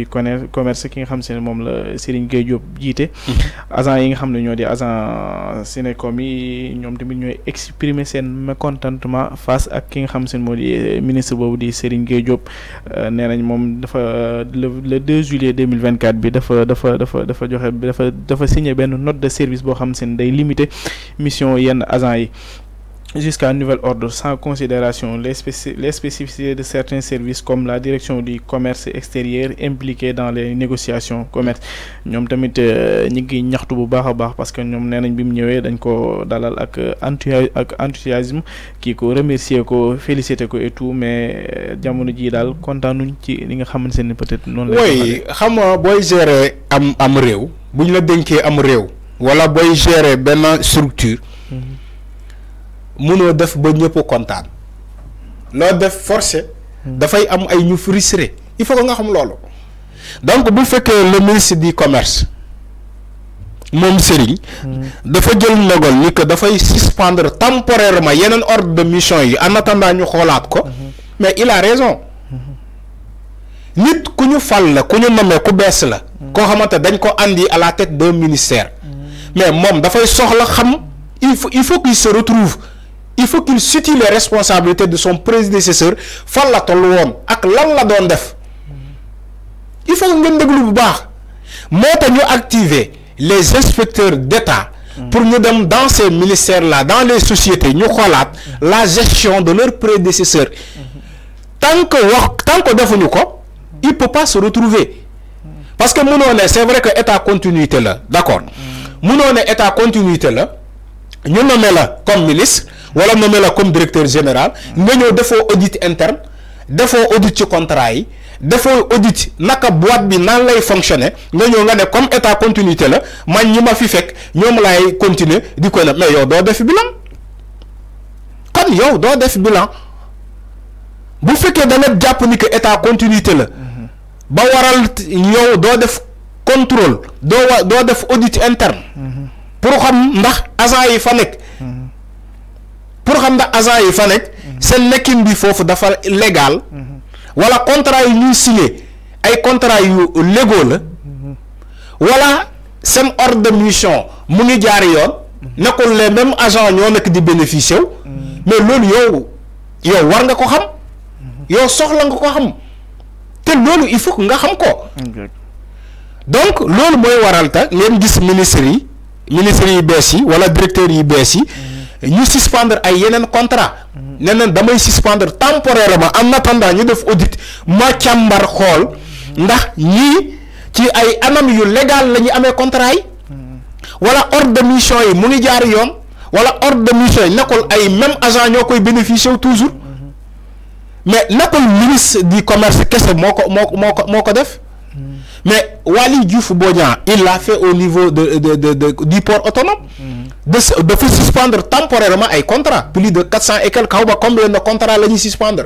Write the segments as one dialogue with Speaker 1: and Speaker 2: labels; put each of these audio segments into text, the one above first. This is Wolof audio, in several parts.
Speaker 1: bi commerce ki xam le mom la Serigne Gueye Diop agent face à ki xam eh, ministre euh, le 2 juillet 2024 bi dafa dafa dafa dafa joxe dafa dafa signé une note de service pour xam mission jusqu'à nouvel ordre sans considération les, spécif les, spécificités de certains services comme la direction du commerce extérieur impliquée dans les négociations commerce ñom tamit euh, ñi ngi ñaxtu bu baax baax parce que ñom nee bimu ñëwé dañ ko dalal ak ak enthousiasme kii ko remercier ko féliciter ko et tout mais euh, jamono jii daal kontaanuñ ci li nga xamante peut-être non la xam nga booy gérer am am réew buñ la dénkee am réew wala boy gérer ben structure mhm mënoo def ba ñëpp kontaan loo def forcé dafay am ay ñu frustré il faut que nga xam loolu donc bu fekkee le ministre du commerce moom Serigne dafa jël ndogal ni que dafay suspendre temporairement yeneen ordre de mission yi en attendant ñu xoolaat ko mais il a raison nit ku ñu fal la ku ñu nommé ku bees la koo xamante dañ ko andi à la tête d'un ministère mais moom dafay soxla xam il faut il faut qu'il se retrouve il faut qu'il situe les responsabilités de son prédécesseur falla la ak lan la don def il faut ngeen bu baax mota activer les inspecteurs d'État pour nous dem dans ces ministères là dans les sociétés ñu la gestion de leurs prédécesseurs tant que wax tant que il peut pas se retrouver parce que on c'est vrai que état continuité là, d'accord L'État est état continuité là. ñu nommé là comme ministre voilà nommé la comme directeur général nga nous defoo audit interne defoo audit ci contrat yi defoo audit naka boîte bi nan lay fonctionner nga ñu nga ne comme état continuité la man ñi ma fi fek ñom lay continuer di ko na mais yow do def bilan kon yow do def bilan bu fekkee da na japp ni que état continuité la ba waral yow do def contrôle do do def audit interne mm-hmm. pour xam ndax agent yi fa nek xam ne yi fa nek seen nekkin bi fofu dafa légal wala contrat yi ñuy signé ay contrat yu légaux la wala seen ordre de mission mu ngi jaar yoon nekkul les mêmes agents ñoo nek di bénéficier mais lolu yow yow war nga ko xam yow soxla nga ko xam te lolu il faut nga xam ko donc lolu moy waral ta ngeen gis ministère yi ministres yi bees yi wala directeur yi bees yi ñu suspendre ay yeneen contrat ne neen damay suspendre temporairement en attendant ñu def audit ma càmbar xool ndax ñii ci ay anam yu légal la amee contrat yi wala ordre de mission yi mu ngi jaar yoon wala ordre de mission yi nekkul ay même agent ñoo koy bénéficier toujours mais nekkul ministre du commerce kese moo ko moo ko moo ko moo ko def Mm. Mais Wali Diouf Bodian, il l'a fait au niveau de, de, de, de du port autonome. Mm. De, de suspendre temporairement un contrat. Plus de 400 et quelques combien de contrats l'a dit suspendre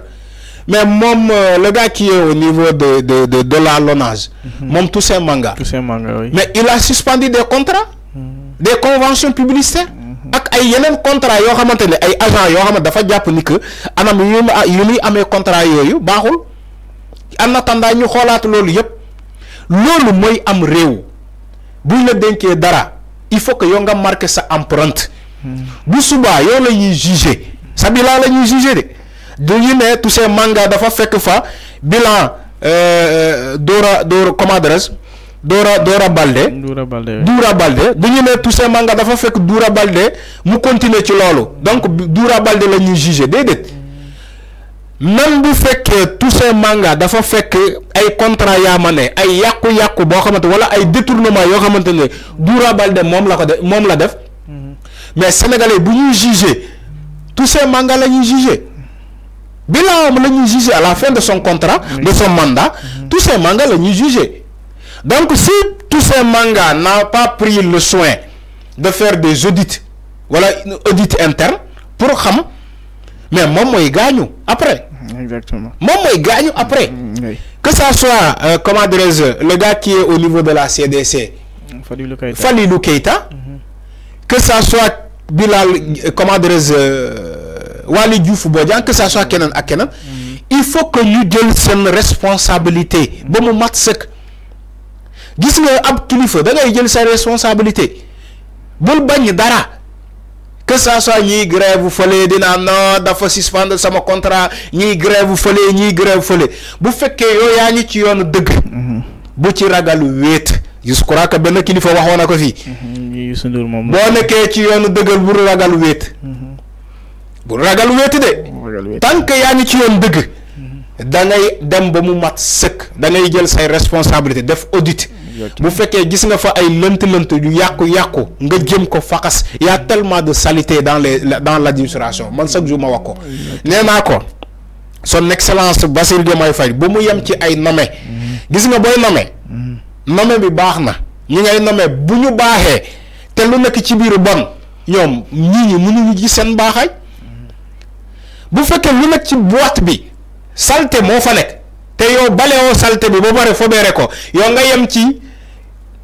Speaker 1: mais mom, euh, le gars qui est au niveau de, de, de, de la lonage, mm -hmm. mom Toussaint Manga. ces Manga Mais il a suspendu des contrats, mm. des conventions publicitaires. Mm-hmm. ak ay yeneen contrat yoo xamante ne ay agent yoo xamante dafa y ni que anam yumi yu muy contrat yooyu baaxul en attendant ñu xoolaat loolu mooy am réew buñ la dénkee dara il faut que yow nga marqué sa empreinte bu subaa yow la ñuy jugé sa bilan lañuy ñuy jugé de dañu ne tous ces manga dafa fekk fa bilan euh, euh, Dora Dora comment dirais-je Dora Dora Balde. Dora Balde Dora Balde dañu ne tous ces manga dafa fekk Dora Balde mu continuer ci loolu donc Dora Balde la ñuy jugé déedéet. même bu fekkee touché manga dafa fekk ay contrat ya ma ay yàqu-yàqu bo xamante wala ay détournement yo xamante ne Doura Baldé mom la ko def mom la def mm-hmm. mais sénégalais bu ñuy tous ces manga la ñuy jugé bi laam la ñuy jugé à la fin de son contrat de son mandat mm-hmm. tous ces mangas la ñuy jugé donc si tous ces mangas n'a pas pris le soin de faire des audits wala audit interne pour xam mais mom moy gañu après Exactement. Mon il gagne après. Mm, oui. Que ça soit, euh, comment dirais-je, le gars qui est au niveau de la CDC, Falilou Keita, mm -hmm. que ça soit Bilal, euh, comment dirais-je, euh, Wali Diouf Bodian, que ça soit Kenan à Kenan, mm -hmm. il faut que nous donnions son responsabilité. Bon, mon mat sec. Gis nga ab kilifa da ngay jël sa responsabilité Bon, bañ dara que ça soit ñiy grève fële dinaa non dafa suspendre sama contrat ñiy grève fële ñiy grève fële bu fekkee yow yaa ngi ci yoonu dëgg. Mhm. bu ci ragal wéet. je crois que benn kilifa waxoon na ko fii. Mhm, Youssou Ndour moom boo nekkee ci yoonu dëggal bu ragal wéet. Mhm.
Speaker 2: bu ragal wéet
Speaker 1: de. tant que yaa ngi ci yoon dëgg. da dem ba mu mat sëkk. da jël say responsabilité def audit. bu fekkee gis nga fa ay lënt-lënt yu yàqu-yàqu nga jëm ko faxas yaa a tellement de saleté dans les dans la administration man chaque jour ma wax ko nee naa ko son excellence Bassirou Diomaye Faye bu mu yem ci ay nommé gis nga booy nommé nommé bi baax na ñi ngay nommé bu ñu baaxee te lu nekk ci biiru bon ñoom ñii ñi mënuñu gis seen baaxal bu fekkee lu nekk ci boîte bi salté moo fa nekk te yow balewoo salté bi ba pare fobeere ko yow nga yem ci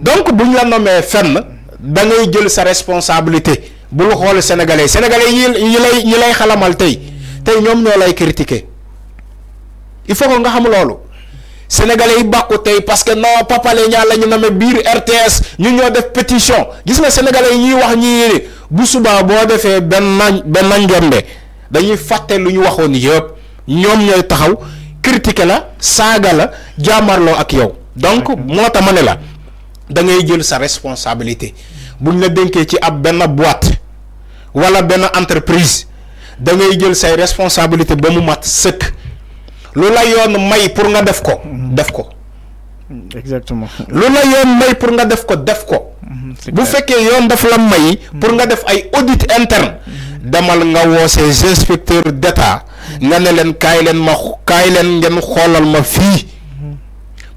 Speaker 1: donc bu ñu la nommee fenn da ngay jël sa responsabilité bul xool sénégalais sénégalais yi yi lay yi lay xalamal tey tey ñoom ñoo lay critiquer il faut que nga xam sénégalais yi bàkku parce que non papa, Alé Niang la ñu nommé biir RTS ñu ñoo def pétition gis nga sénégalais yi ñuy wax ñii bu subaa boo defee benn benn dañuy faté lu ñu waxoon yëpp ñoom ñooy taxaw critiquer la saga la jàmmarloo ak yow donc mota mané ma la da ngay jël sa responsabilité buñ la dénkee ci ab benn boîte wala benn entreprise da ngay jël say responsabilité ba mu mat sëkk lu la yoon may pour nga def ko def ko. exactement lu la yoon may pour nga def ko def ko. Mhm, bu fekkee yoon daf la may. pour nga def ay audit interne. demal nga woo ces inspecteurs d'État nga ne leen kaay leen ma kaay leen ngeen xoolal ma fii mhm.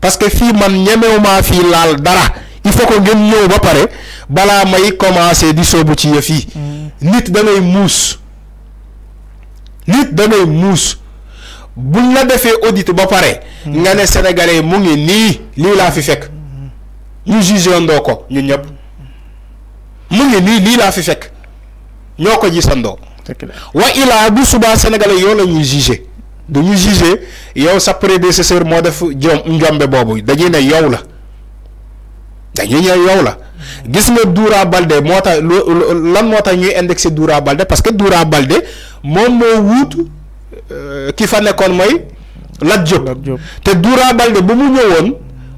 Speaker 1: parce que fii man ñemewumaa fii laal dara. il faut que ngeen ñëw ba pare balaa may commencer di soobu ci yëf yi. Mm. nit da ngay muus. nit da ngay muus buñ la defee audit ba pare. Mm. nga ne sénégalais mu ngi nii lii laa fi fekk. Mm. ñu gisandoo ko ñu ñëpp. mu ngi nii lii laa fi fekk ñoo ko gisandoo. wa ilaa bu subaa sénégalais yow la ñuy juger du ñu juger yow sa prédécesseur moo def jom njombe boobu dañuy ne yow la. dañu ñëw yow la gis nga Doura Balde moo lan moo ñuy indexé Doura Balde parce que Doura Balde mom mo wut euh, ki fa moy Lat Diop te Doura Balde bu mu ñëwoon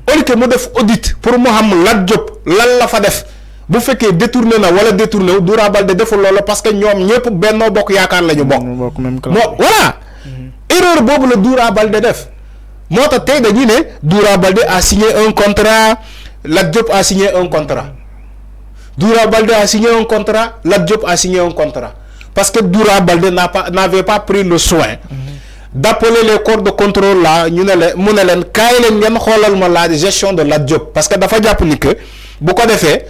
Speaker 1: au mu def audit pour mu xam Lat Diop lan la fa def bu fekkee détourné na wala détourné wu Doura Balde deful loolu parce que ñoom ñëpp benno bokk yaakaar la bokk voilà mhm. erreur bobu le Doura Balde def moo tax tey ne Doura Balde a signé un contrat Ladjop a signé un contrat. Dura Balde a signé un contrat. Ladjop a signé un contrat. Parce que Dura Balde n'avait pas, pas, pris le soin mhm. d'appeler les corps de contrôle là. Nous avons dit la gestion de Ladjop. Parce que nous avons dit que beaucoup de faits.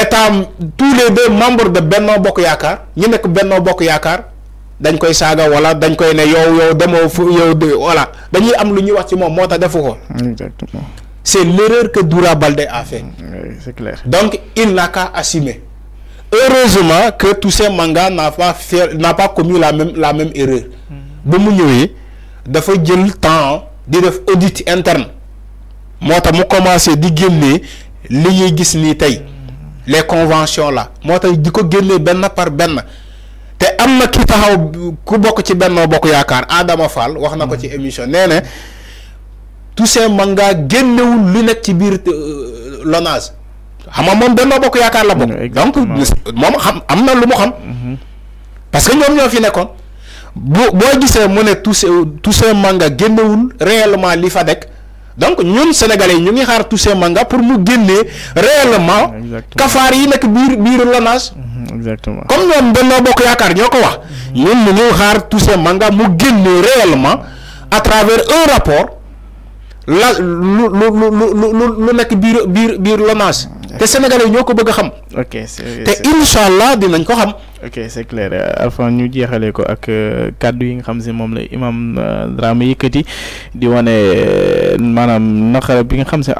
Speaker 1: état tous les deux membres de Benno Bokk Yakar, ñu nekk Benno Bokk Yakar, dañ koy saga wala dañ koy ne yow yow demo fu yow de voilà dañuy am lu ñuy wax ci mom mota c'est l'erreur que Dura Balde a fait. c'est clair. Donc, il n'a qu'à assumer. Heureusement que tous ces mangas n'ont pas, commis la même, la même erreur. il faut le temps d'audit audit interne. Moi, j'ai commencé à dire hmm. les conventions là. Moi, j'ai dit que ben par ben. te Toussaint Manga génnewul lu nekk ci bir euh, LONASE xam nga moom Benno Bokk Yaakaar la bokk. donc moom amna am na xam. Mhm. parce que ñoom ñoo fi nekkoon boo boo gisee mu ne Toussaint Toussaint Manga génnewul réellement li fa nekk donc ñun sénégalais ñu ngi xaar ces mangas pour mu génnee réellement. kafaar yi nekk bir biir LONASE. Mhm, exactement comme ñoom Benno Bokk Yaakaar ñoo ko wax. Mhm. ñun ñu ces mangas pour nous mu réellement à travers un rapport. la lu lu lu lu lu nekk biir biir biir Lonase. te sénégalais ñoo ko bëgg a xam. ok te incha allah dinañ ko xam. ok c'est clair euh, ñu jeexale ko ak euh, kàddu yi nga xam si moom la imam euh, Dramé yëkkati di wane maanaam naqara bi nga xam si am.